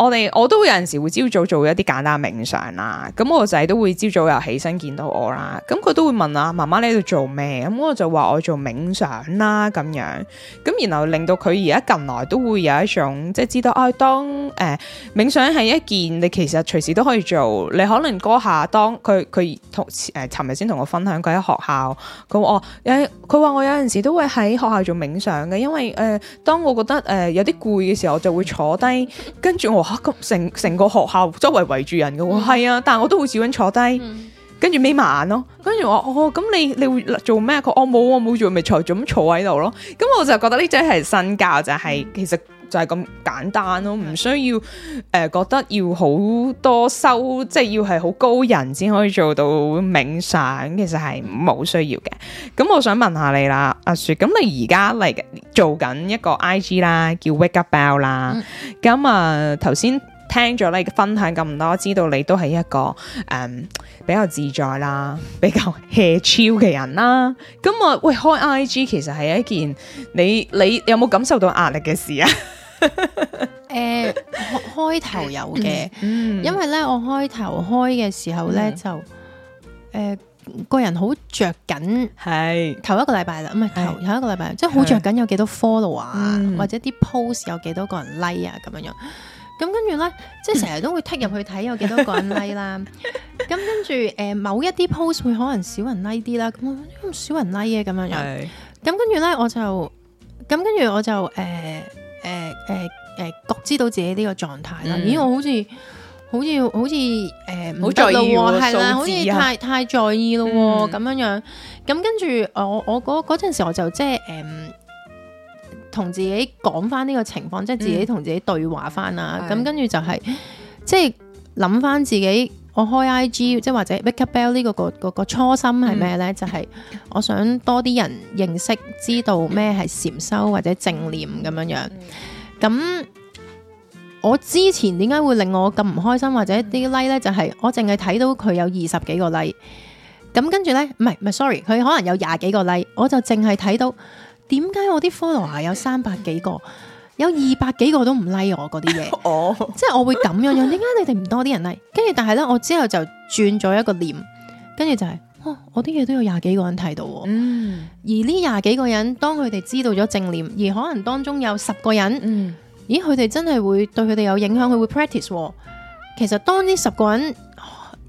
我哋我都會有陣時會朝早做一啲簡單冥想啦，咁我個仔都會朝早又起身見到我啦，咁佢都會問啦、啊：媽媽你喺度做咩？咁我就話我做冥想啦，咁樣咁，然後令到佢而家近來都會有一種即係知道，唉、哎，當誒、呃、冥想係一件你其實隨時都可以做，你可能嗰下當佢佢同誒尋日先同我分享佢喺學校，咁我誒佢話我有陣時都會喺學校做冥想嘅，因為誒、呃、當我覺得誒、呃、有啲攰嘅時候，我就會坐低跟住我。咁成成個學校周圍圍住人噶喎，係、嗯、啊，但係我都好少咁坐低，跟住眯埋眼咯，跟住我哦，咁你你會做咩？佢我冇我冇做咪錯，咁坐喺度咯，咁我就覺得呢種係身教就係其實。嗯就係咁簡單咯，唔需要誒、呃、覺得要好多收，即係要係好高人先可以做到冥想，其實係冇需要嘅。咁我想問下你啦，阿雪。咁你而家嚟做緊一個 I G 啦，叫 Wake Up Bell 啦。咁啊、嗯，頭先、嗯、聽咗你分享咁多，知道你都係一個誒、嗯、比較自在啦，比較 hea 嘅人啦。咁啊，喂，開 I G 其實係一件你你，你有冇感受到壓力嘅事啊？誒，開頭有嘅，因為咧我開頭開嘅時候咧就，誒個人好着緊，係頭一個禮拜啦，唔係頭下一個禮拜，即係好着緊有幾多 follow 啊，或者啲 post 有幾多個人 like 啊咁樣樣。咁跟住咧，即係成日都會剔入去睇有幾多個人 like 啦。咁跟住誒某一啲 post 會可能少人 like 啲啦，咁少人 like 啊咁樣樣。咁跟住咧我就咁跟住我就誒。誒誒誒，覺、呃呃呃、知到自己呢個狀態，啦、嗯、咦，我好似好似好似誒，唔得咯，係啦，好似太太在意咯咁樣樣，咁跟住我我嗰嗰陣時我就即係誒，同、呃、自己講翻呢個情況，即係自己同自己對話翻啦，咁、嗯、跟住就係即係諗翻自己。我開 I G 即或者 Wake Up Bell 呢、這個個個，個初心係咩呢、嗯、呢？就係、是、我想多啲人認識知道咩係禪修或者正念咁樣樣。咁我之前點解會令我咁唔開心或者啲 like 呢，就係我淨係睇到佢有二十幾個 like，咁跟住呢，唔係唔係 sorry，佢可能有廿幾個 like，我就淨係睇到點解我啲 follower 有三百幾個。有二百幾個都唔 like 我嗰啲嘢， 即係我會咁樣樣。點解 你哋唔多啲人 like？跟住，但係咧，我之後就轉咗一個念，跟住就係，哦，我啲嘢都有廿幾個人睇到。嗯，而呢廿幾個人，當佢哋知道咗正念，而可能當中有十個人，嗯，咦，佢哋真係會對佢哋有影響，佢會 practice，哦。其實當呢十個人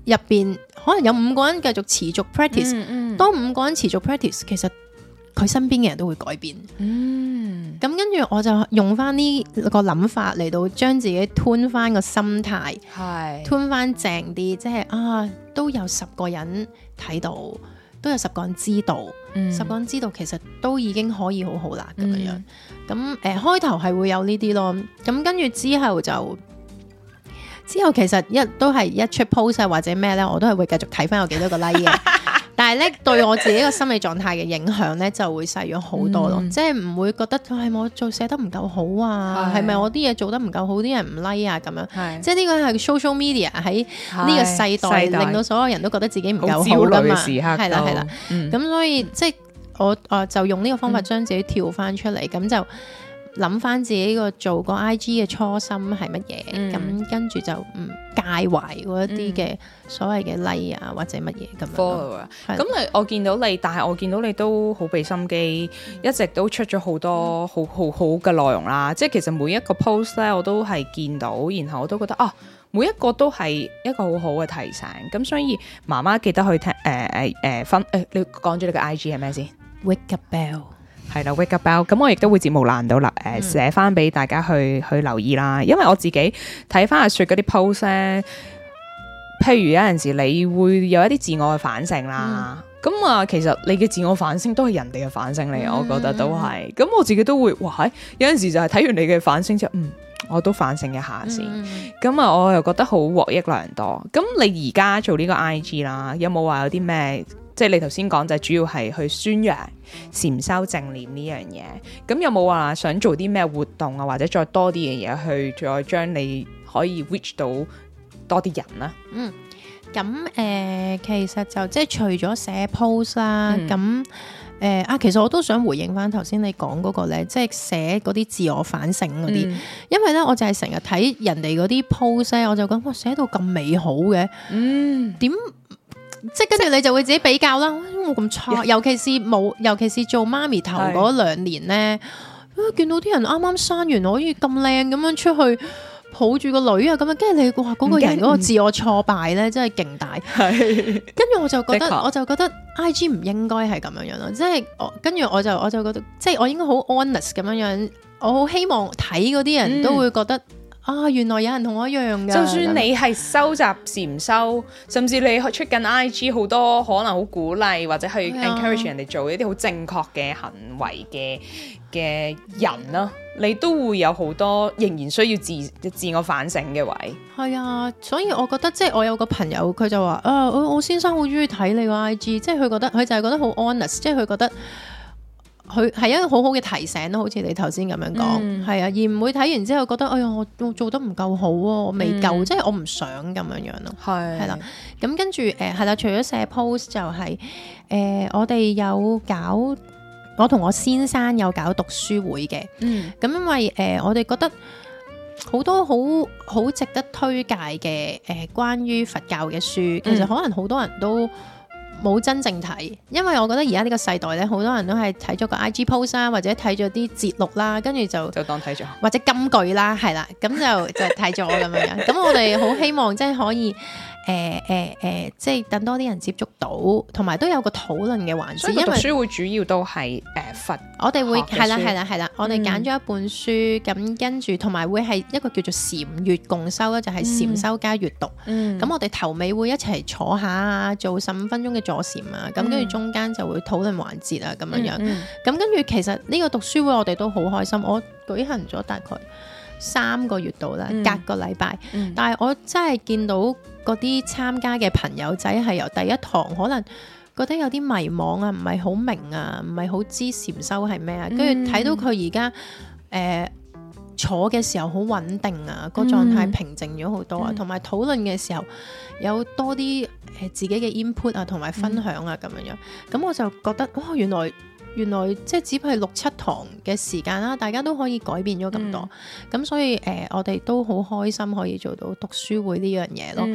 入邊，哦，可能有五個人繼續持續 practice。嗯，嗯，當五個人持續 practice，其實佢身邊嘅人都會改變。嗯。咁跟住我就用翻呢個諗法嚟到將自己吞翻個心態，吞翻是正啲，即係啊都有十個人睇到，都有十個人知道，嗯、十個人知道其實都已經可以好好啦咁樣。咁誒、嗯呃、開頭係會有呢啲咯，咁跟住之後就之後，其實一都係一出 post 或者咩呢？我都係會繼續睇翻有幾多個 like。 但係咧，對我自己個心理狀態嘅影響咧，就會細咗好多咯。嗯、即係唔會覺得係、哎、我做寫得唔夠好啊，係咪是我啲嘢做得唔夠好，啲人唔 like 啊咁樣。是即係呢個係 social media 喺呢個世代，世代令到所有人都覺得自己唔夠好噶嘛。係啦係啦。咁、嗯、所以即係我啊、呃，就用呢個方法將自己跳翻出嚟，咁就、嗯。嗯諗翻自己呢個做個 I G 嘅初心係乜嘢。咁、嗯、跟住就唔介懷嗰一啲嘅所謂嘅 like 啊或者乜嘢咁 follow 啊，咁我見到你，但係我見到你都好畀心機，一直都出咗好多好好好嘅內容啦。嗯、即係其實每一個 post 咧，我都係見到，然後我都覺得啊，每一個都係一個好好嘅提醒。咁所以媽媽記得去聽誒誒誒分誒、呃，你講咗你嘅 I G 係咩先？Wake Up Bell。係啦，Wake Up Bell，咁我亦都會節目欄度留，誒寫翻俾大家去去留意啦。因為我自己睇翻阿雪嗰啲 post，譬如有陣時你會有一啲自我嘅反省啦。咁、嗯、啊，其實你嘅自我反省都係人哋嘅反省嚟，我覺得都係。咁、嗯、我自己都會，哇，欸、有陣時就係睇完你嘅反省之後，嗯，我都反省一下先。咁、嗯、啊，我又覺得好獲益良多。咁你而家做呢個 IG 啦，有冇話有啲咩？即係你頭先講就主要係去宣揚禪修正念呢樣嘢，咁有冇話想做啲咩活動啊，或者再多啲嘅嘢去再將你可以 reach 到多啲人啊？嗯，咁誒、呃，其實就即係除咗寫 post 啦、嗯，咁誒、呃、啊，其實我都想回應翻頭先你講嗰、那個咧，即係寫嗰啲自我反省嗰啲，嗯、因為咧我就係成日睇人哋嗰啲 post 我就講哇寫到咁美好嘅，嗯，點？即係跟住你就會自己比較啦，我、哎、咁差，Yeah. 尤其是冇，尤其是做媽咪頭嗰兩年咧是、哎，見到啲人啱啱生完，可以咁靚咁樣出去抱住個女啊，咁樣，跟住你哇嗰、那個人嗰個自我挫敗咧，嗯、真係勁大。跟住我， 我就覺得，我就覺得 I G 唔應該係咁樣樣咯，即係跟住我就我就覺得，即係我應該好 honest 咁樣樣，我好希望睇啲人都會覺得。嗯啊，原來有人同我一樣嘅。就算你係收集禪修，嗯、甚至你出緊 I G 好多可能好鼓勵或者去 encourage 人哋做一啲好正確嘅行為嘅嘅人啦，嗯、你都會有好多仍然需要自自我反省嘅位。係、嗯、啊，所以我覺得即係、就是、我有個朋友，佢就話啊、呃，我先生好中意睇你個 I G，即係佢覺得佢就係覺得好 honest，即係佢覺得。佢係一個好好嘅提醒咯，好似你頭先咁樣講，係、嗯、啊，而唔會睇完之後覺得，哎呀，我做得唔夠好，我未夠，嗯、即係我唔想咁樣樣咯，係係啦，咁、啊、跟住誒係啦，除咗寫 post 就係、是、誒、呃，我哋有搞，我同我先生有搞讀書會嘅，嗯，咁因為誒、呃、我哋覺得好多好好值得推介嘅誒、呃、關於佛教嘅書，其實可能好多人都。冇真正睇，因為我覺得而家呢個世代咧，好多人都係睇咗個 IG post 啦、啊，或者睇咗啲節錄啦、啊，跟住就就當睇咗，或者金句啦、啊，係啦，咁就 就睇咗咁樣。咁我哋好希望即係可以。誒誒誒，即係等多啲人接觸到，同埋都有個討論嘅環節。因為讀書會主要都係誒佛，我哋會係啦係啦係啦，我哋揀咗一本書，咁、嗯、跟住同埋會係一個叫做禪閱共修啦，就係、是、禪修加閱讀。咁、嗯嗯、我哋頭尾會一齊坐一下啊，做十五分鐘嘅坐禪啊，咁跟住中間就會討論環節啊，咁樣樣。咁跟住其實呢個讀書會我哋都好開心，我舉行咗大概。三個月到啦，嗯、隔個禮拜，嗯、但係我真係見到嗰啲參加嘅朋友仔係由第一堂可能覺得有啲迷茫啊，唔係好明啊，唔係好知禪修係咩啊，跟住睇到佢而家誒坐嘅時候好穩定啊，嗯、個狀態平靜咗好多啊，同埋討論嘅時候有多啲誒自己嘅 input 啊，同埋分享啊咁樣、嗯、樣，咁我就覺得哇、哦哦，原來～原來即係只係六七堂嘅時間啦，大家都可以改變咗咁多，咁、嗯、所以誒、呃，我哋都好開心可以做到讀書會呢樣嘢咯。咁、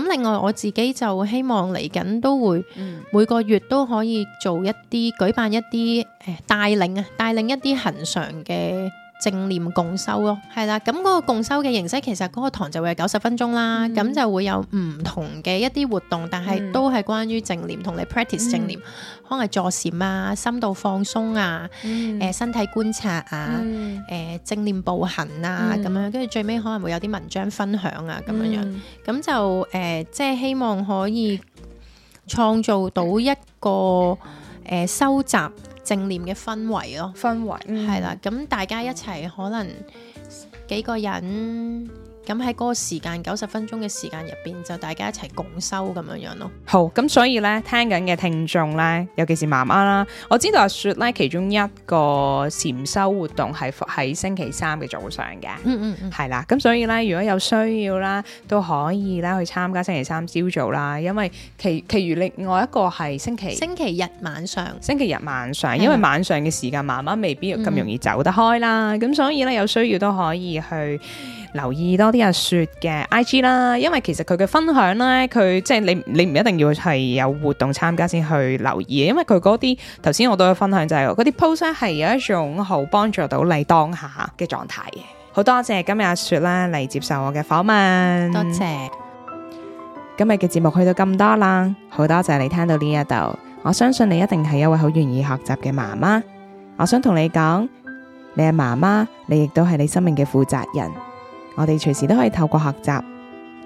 嗯、另外我自己就希望嚟緊都會、嗯、每個月都可以做一啲舉辦一啲誒帶領啊，帶領一啲恆常嘅。正念共修咯，係啦，咁、那、嗰個共修嘅形式其實嗰個堂就會係九十分鐘啦，咁、嗯、就會有唔同嘅一啲活動，但係都係關於正念同你 practice 正念，嗯、可能坐禪啊、深度放鬆啊、誒、嗯呃、身體觀察啊、誒、嗯呃、正念步行啊咁、嗯、樣，跟住最尾可能會有啲文章分享啊咁樣，咁、嗯、就誒即係希望可以創造到一個誒、呃、收集。正念嘅氛圍咯，氛圍係啦，咁、嗯、大家一齊可能幾個人。咁喺嗰個時間九十分鐘嘅時間入邊，就大家一齊共修咁樣樣咯。好，咁所以呢，聽緊嘅聽眾呢，尤其是媽媽啦，我知道阿雪呢，其中一個禪修活動係喺星期三嘅早上嘅。嗯嗯嗯，係啦，咁所以呢，如果有需要啦，都可以呢去參加星期三朝早啦，因為其其餘另外一個係星期星期日晚上，上，星期日晚上，因為晚上嘅時間媽媽未必要咁容易走得開啦，咁、嗯嗯、所以呢，有需要都可以去。留意多啲阿雪嘅 IG 啦，因為其實佢嘅分享呢，佢即係你你唔一定要係有活動參加先去留意，因為佢嗰啲頭先我都有分享就係嗰啲 post 呢係有一種好幫助到你當下嘅狀態嘅。好多謝今日阿雪啦，嚟接受我嘅訪問，多謝今，多謝今日嘅節目去到咁多啦，好多謝你聽到呢一度，我相信你一定係一位好願意學習嘅媽媽。我想同你講，你係媽媽，你亦都係你生命嘅負責人。我哋隨時都可以透過學習，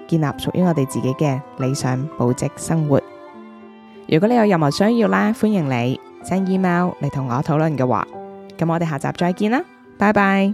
建立屬於我哋自己嘅理想母職生活。如果你有任何需要啦，歡迎你 send email 嚟同我討論嘅話，咁我哋下集再見啦，拜拜。